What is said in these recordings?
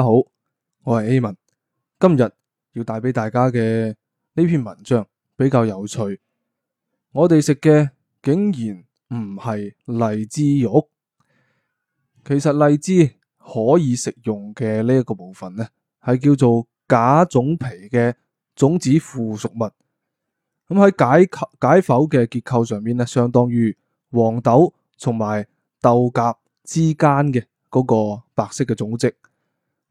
大家好，我係 A 文，今日要帶俾大家嘅呢篇文章比較有趣。我哋食嘅竟然唔係荔枝肉，其實荔枝可以食用嘅呢一個部分呢，係叫做假種皮嘅種子附屬物。咁喺解解剖嘅結構上面呢，相當於黃豆同埋豆莢之間嘅嗰個白色嘅組織。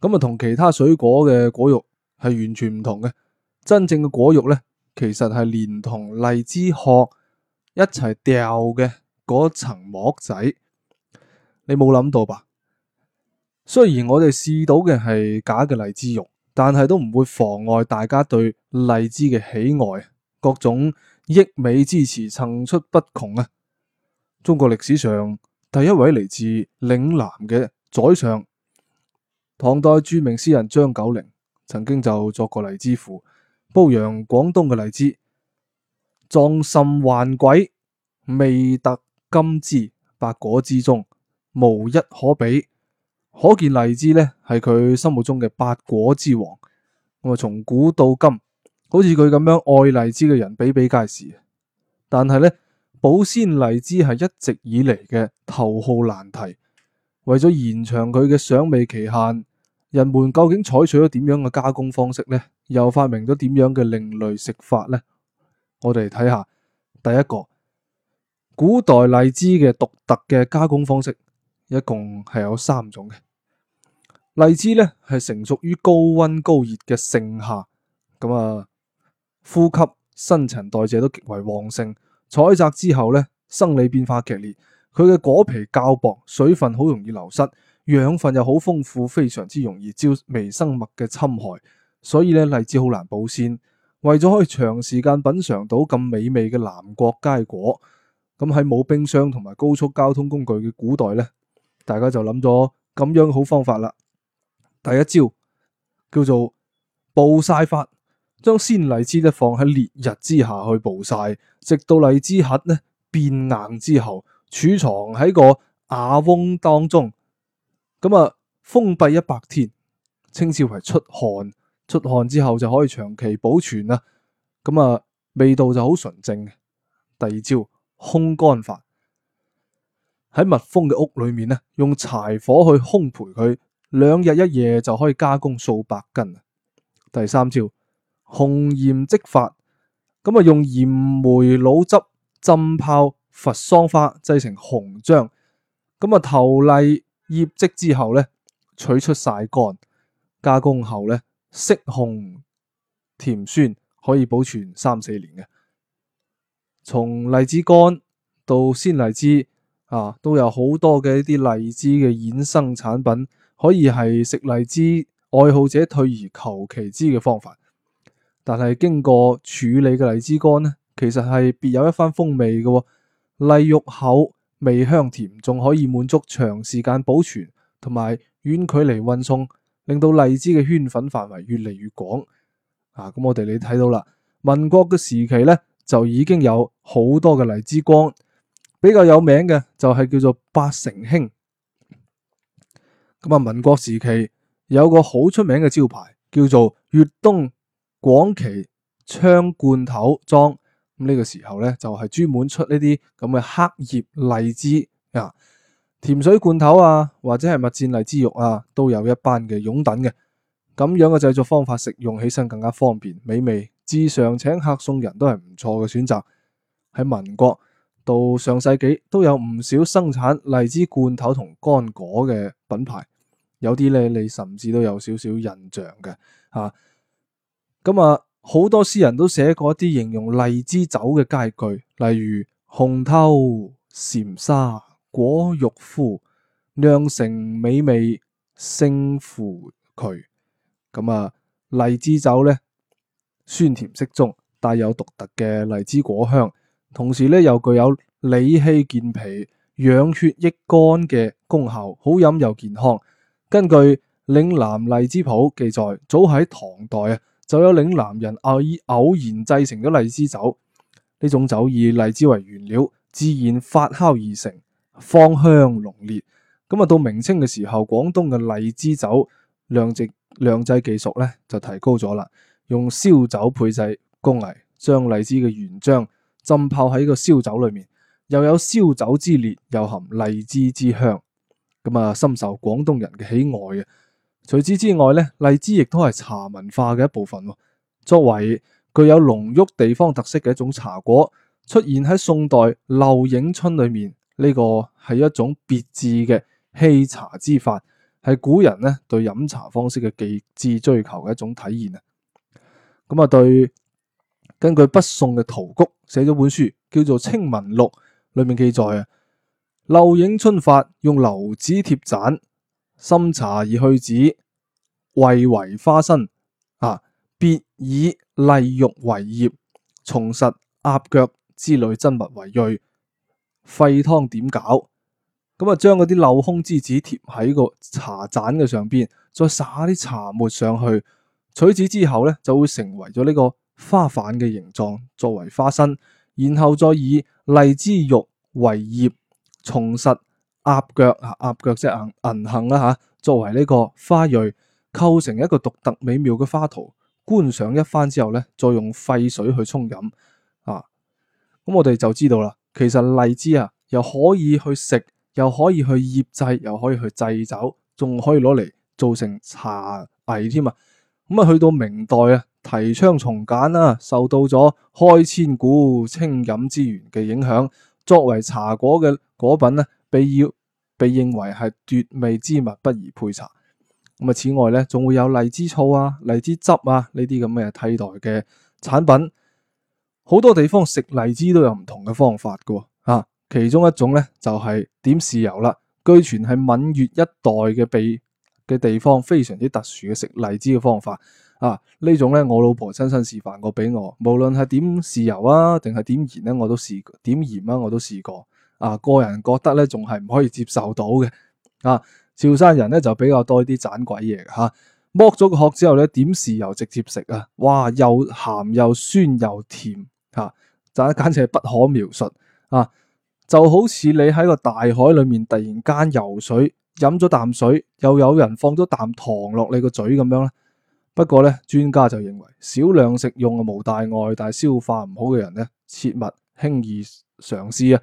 咁啊，同其他水果嘅果肉係完全唔同嘅。真正嘅果肉咧，其實係連同荔枝殼一齊掉嘅嗰層膜仔。你冇諗到吧？雖然我哋試到嘅係假嘅荔枝肉，但係都唔會妨礙大家對荔枝嘅喜愛。各種溢美之詞層出不窮啊！中國歷史上第一位嚟自嶺南嘅宰相。唐代著名詩人張九齡曾經就作過荔枝賦，褒揚廣東嘅荔枝，狀甚瑰詭，味特甘滋，百果之中，無一可比。可見荔枝呢係佢心目中嘅百果之王。我從古到今，好似佢咁樣愛荔枝嘅人比比皆是。但係呢，保鮮荔枝係一直以嚟嘅頭號難題。為咗延長佢嘅賞味期限。人們究竟採取咗點樣嘅加工方式呢？又發明咗點樣嘅另類食法呢？我哋睇下。第一個，古代荔枝嘅獨特嘅加工方式，一共係有三種嘅。荔枝呢係成熟於高温高熱嘅盛夏，咁啊呼吸新陳代謝都極為旺盛。採摘之後呢，生理變化劇烈，佢嘅果皮較薄，水分好容易流失。養分又好豐富，非常之容易招微生物嘅侵害，所以咧荔枝好難保鮮。為咗可以長時間品嘗到咁美味嘅南國佳果，咁喺冇冰箱同埋高速交通工具嘅古代咧，大家就諗咗咁樣好方法啦。第一招叫做暴曬法，將鮮荔枝咧放喺烈日之下去暴曬，直到荔枝核咧變硬之後，儲藏喺個瓦甕當中。咁啊，封閉一百天，稱之為出汗。出汗之後就可以長期保存啦。咁啊，味道就好純正。第二招，烘乾法，喺密封嘅屋裏面呢，用柴火去烘焙佢，兩日一夜就可以加工數百斤。第三招，紅鹽漬法，咁啊，用鹽梅卤汁浸泡佛桑花，製成紅漿，咁啊，投例。醃漬之後咧，取出曬乾，加工後咧，色紅甜酸，可以保存三四年嘅。從荔枝乾到鮮荔枝啊，都有好多嘅一啲荔枝嘅衍生產品，可以係食荔枝愛好者退而求其次嘅方法。但係經過處理嘅荔枝乾咧，其實係別有一番風味嘅，荔肉厚，味香甜，仲可以滿足長時間保存同埋遠距離運送，令到荔枝嘅圈粉範圍越嚟越廣。啊，咁我哋你睇到啦，民國嘅時期咧，就已經有好多嘅荔枝乾，比較有名嘅就係叫做萬誠興。咁啊，民國時期有個好出名嘅招牌叫做粵東廣奇昌罐頭莊。咁呢個時候呢，就係、是、專門出呢啲咁嘅黑葉荔枝啊，糖水罐頭啊，或者係蜜餞荔枝肉啊，都有一班嘅擁躉嘅。咁樣嘅製作方法，食用起身更加方便美味，自嘗請客送人都係唔錯嘅選擇。喺民國到上世紀，都有唔少生產荔枝罐頭同乾果嘅品牌，有啲咧，你甚至都有少少印象嘅嚇。咁啊～啊好多詩人都寫過一啲形容荔枝酒嘅佳句，例如紅透蟬沙果肉敷釀成美味勝乎渠。咁啊，荔枝酒咧，酸甜適中，帶有獨特嘅荔枝果香，同時咧又具有理氣健脾、養血益肝嘅功效，好飲又健康。根據《嶺南荔枝譜》記載，早喺唐代啊。就有嶺南人偶偶然製成咗荔枝酒，呢種酒以荔枝為原料，自然發酵而成，芳香濃烈。咁啊，到明清嘅時候，廣東嘅荔枝酒量製釀製技術咧就提高咗啦，用燒酒配製工藝，將荔枝嘅原漿浸泡喺個燒酒裏面，又有燒酒之烈，又含荔枝之香，咁啊，深受廣東人嘅喜愛嘅。除此之外咧，荔枝亦都係茶文化嘅一部分。作為具有濃郁地方特色嘅一種茶果，出現喺宋代《漏影春》裏面。呢、這個係一種別致嘅沏茶之法，係古人咧對飲茶方式嘅極致追求嘅一種體現啊！咁、嗯、啊，對，根據北宋嘅陶谷寫咗本書，叫做《清文錄》，裏面記載啊，《漏影春法用》用鏤紙貼盞。深茶而去籽，為為花身，啊！別以荔肉為葉，重實鴨腳之類珍物為蕊。沸湯點搞？咁啊，將嗰啲鏤空之子貼喺個茶盞嘅上邊，再撒啲茶末上去。取籽之後咧，就會成為咗呢個花瓣嘅形狀，作為花身。然後再以荔枝肉為葉，重實。鴨腳啊，鴨腳即係銀銀杏啦吓，作為呢個花蕊構成一個獨特美妙嘅花圖，觀賞一番之後咧，再用沸水去沖飲啊，咁我哋就知道啦。其實荔枝啊，又可以去食，又可以去醃製，又可以去製酒，仲可以攞嚟做成茶藝添啊。咁啊，去到明代啊，提倡重簡啦、啊，受到咗開千古清飲之源嘅影響，作為茶果嘅果品咧、啊，被要。被認為係奪味之物，不宜配茶。咁啊，此外咧，仲會有荔枝醋啊、荔枝汁啊呢啲咁嘅替代嘅產品。好多地方食荔枝都有唔同嘅方法噶。啊，其中一種咧就係點豉油啦。據傳係閩粵一帶嘅地嘅地方非常之特殊嘅食荔枝嘅方法。啊，呢種咧我老婆親身示範過俾我。無論係點豉油啊，定係點鹽咧，我都試過。點鹽啊，我都試過。點啊，個人覺得咧，仲係唔可以接受到嘅。啊，潮汕人咧就比較多啲盞鬼嘢嘅嚇，剝咗、啊、個殼之後咧，點豉油直接食啊！哇，又鹹又酸又甜嚇，斬、啊、簡直係不可描述啊！就好似你喺個大海裡面突然間游水，飲咗啖水，又有人放咗啖糖落你個嘴咁樣啦。不過咧，專家就認為少量食用啊無大礙，但係消化唔好嘅人咧，切勿輕易嘗試啊！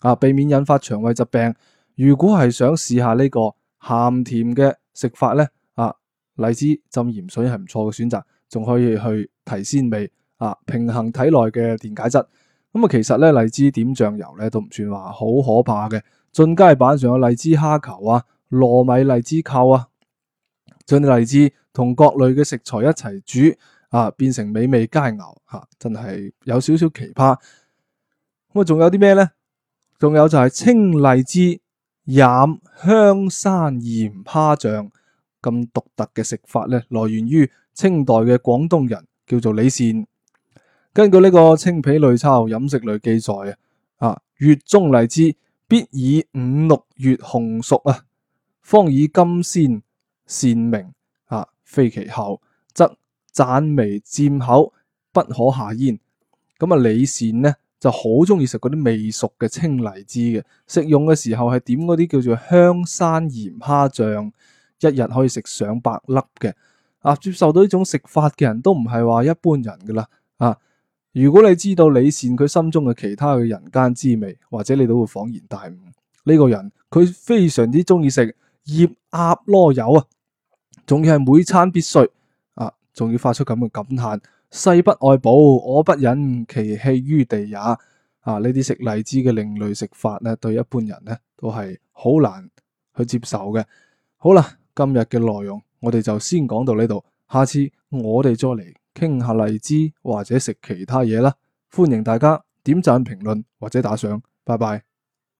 啊，避免引發腸胃疾病。如果係想試下呢個鹹甜嘅食法咧，啊，荔枝浸鹽水係唔錯嘅選擇，仲可以去提鮮味，啊，平衡體內嘅電解質。咁、嗯、啊，其實咧荔枝點醬油咧都唔算話好可怕嘅。進階版上有荔枝蝦球啊，糯米荔枝扣啊，將啲荔枝同各類嘅食材一齊煮，啊，變成美味佳肴，吓、啊、真係有少少奇葩。咁、嗯、啊，仲有啲咩咧？仲有就係青荔枝飲香山鹽蝦醬咁獨特嘅食法咧，來源於清代嘅廣東人叫做李善。根據呢個清《清稗類鈔飲食類》記載啊，啊，粵中荔枝必以五六月紅熟啊，方以金鮮鮮明啊，非其後則盞微沾口，不可下咽。咁啊，李善呢？就好中意食嗰啲未熟嘅青荔枝嘅，食用嘅時候係點嗰啲叫做香山鹽蝦醬，一日可以食上百粒嘅，啊，接受到呢種食法嘅人都唔係話一般人噶啦，啊，如果你知道李善佢心中嘅其他嘅人間滋味，或者你都會恍然大悟，呢個人佢非常之中意食醃鴨囉油啊，仲要係每餐必須，啊，仲要發出咁嘅感嘆。世不愛寶，我不忍其棄於地也。啊，呢啲食荔枝嘅另類食法呢，對一般人呢都係好難去接受嘅。好啦，今日嘅內容我哋就先講到呢度，下次我哋再嚟傾下荔枝或者食其他嘢啦。歡迎大家點讚、評論或者打賞。拜拜。